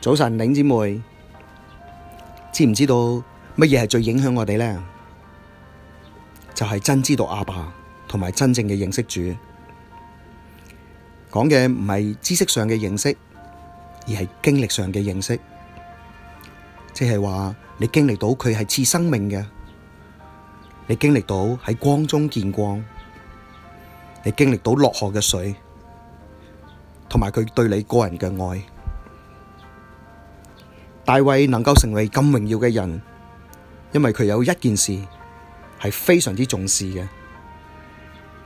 早晨，領姊妹，知唔知道乜嘢係最影響我哋咧？就係、是、真知道阿爸同埋真正嘅認識主，講嘅唔係知識上嘅認識，而係經歷上嘅認識。即係話你經歷到佢係賜生命嘅，你經歷到喺光中見光，你經歷到樂河嘅水，同埋佢對你個人嘅愛。大衛能夠成為咁榮耀嘅人，因為佢有一件事係非常之重視嘅，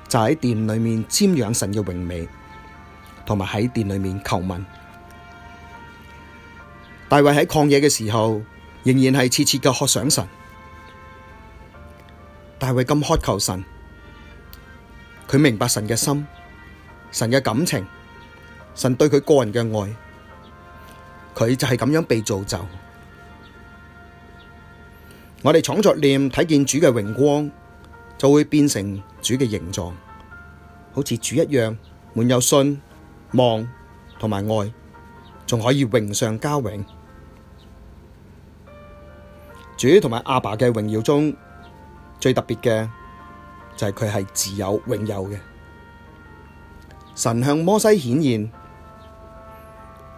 就喺殿裏面瞻仰神嘅榮美，同埋喺殿裏面求問。大衛喺曠野嘅時候，仍然係切切嘅渴想神。大衛咁渴求神，佢明白神嘅心，神嘅感情，神對佢個人嘅愛。佢就係咁樣被造就，我哋敞著念睇見主嘅榮光，就會變成主嘅形狀，好似主一樣，滿有信望同埋愛，仲可以榮上加榮。主同埋阿爸嘅榮耀中最特別嘅就係佢係自有永有嘅，神向摩西顯現。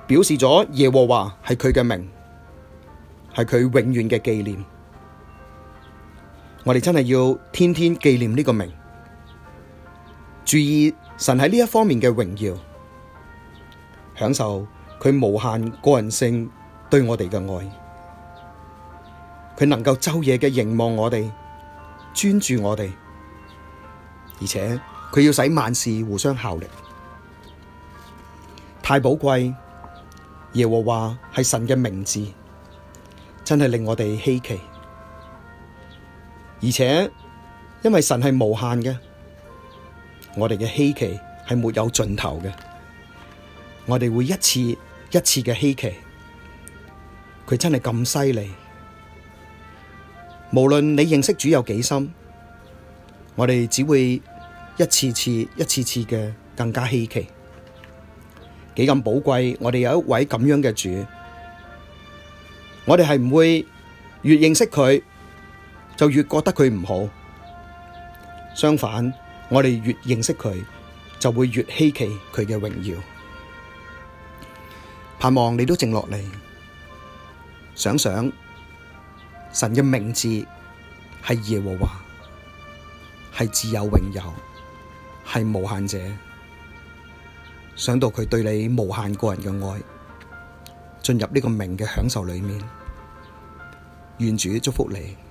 表示咗耶和華係佢嘅名，係佢永遠嘅紀念。我哋真係要天天紀念呢個名，注意神喺呢一方面嘅榮耀，享受佢無限個人性對我哋嘅愛，佢能夠晝夜嘅凝望我哋，專注我哋，而且佢要使萬事互相效力，太寶貴。耶和華係神嘅名字，真係令我哋稀奇。而且因為神係無限嘅，我哋嘅稀奇係沒有盡頭嘅。我哋會一次一次嘅稀奇，佢真係咁犀利。無論你認識主有幾深，我哋只會一次次、一次次嘅更加稀奇。幾咁寶貴，我哋有一位咁樣嘅主，我哋係唔會越認識佢就越覺得佢唔好，相反，我哋越認識佢就會越稀奇佢嘅榮耀，盼望你都靜落嚟想想，神嘅名字係耶和華，係自有永有，係無限者。想到佢對你無限個人嘅愛，進入呢個名嘅享受裏面，願主祝福你。